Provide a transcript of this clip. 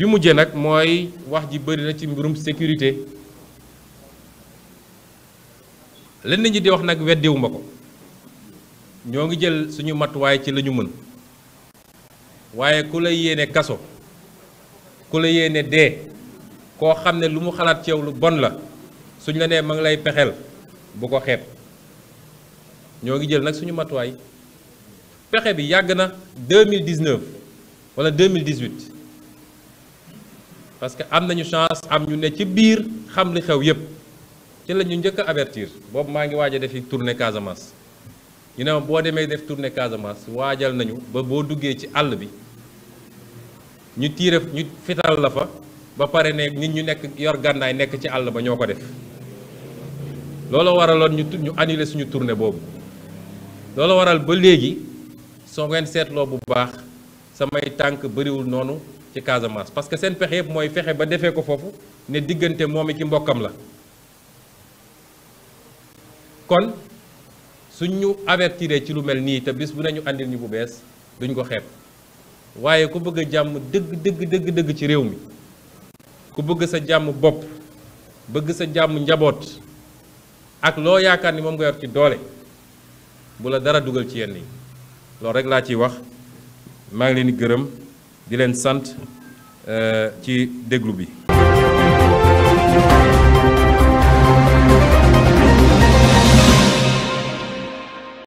bi mujjee nag mooy wax ji bëri na ci mbirum sécurité lenn ñi di wax nag weddiwuma ko ñoo ngi jël suñu matuwaay ci lañu mën waaye ku la yéene kaso ku la yéene dee koo xam ne lu mu xalaat ci lu bon la suñ la nee mag lay pexeel bu ko xeeb ñoo ngi jël nag suñu matuwaay pexe bi yàgg na 2019 wala 2018 parce que am nañu chance am ñu ne ci biir xam li xew yépp ci la ñu njëkk a avertir boobu maa ngi waaj a defi tournée Casamance ñu ne ma boo demee def tournée Casamance waajal nañu ba boo duggee ci àll bi ñu tiire ñu fital la fa ba pare ne nit ñu nekk yor gànnaay nekk ci àll ba ñoo ko def loolu waraloon ñu ñu annulé suñu tournée boobu loolu waral ba léegi soo ngeen seetloo bu baax samay tànk bariwul noonu ci Casamance parce que seen pexe yëpp mooy fexe ba defee ko foofu ne diggante moom ki mbokkam la kon suñ ñu avertiré ci lu mel nii te bis bu nañu àndil bu bees duñ ko xeeb waaye ku bëgg jàmm dëgg dëgg dëgg ci réew mi ku bëgg sa jàmm bopp bëgg sa jàmm njaboot ak loo yaakaar ni moom nga yor ci doole bu la dara dugal ci yenn yi loolu rek laa ciy wax maa ngi leen di gërëm di leen sant euh, ci déglu bi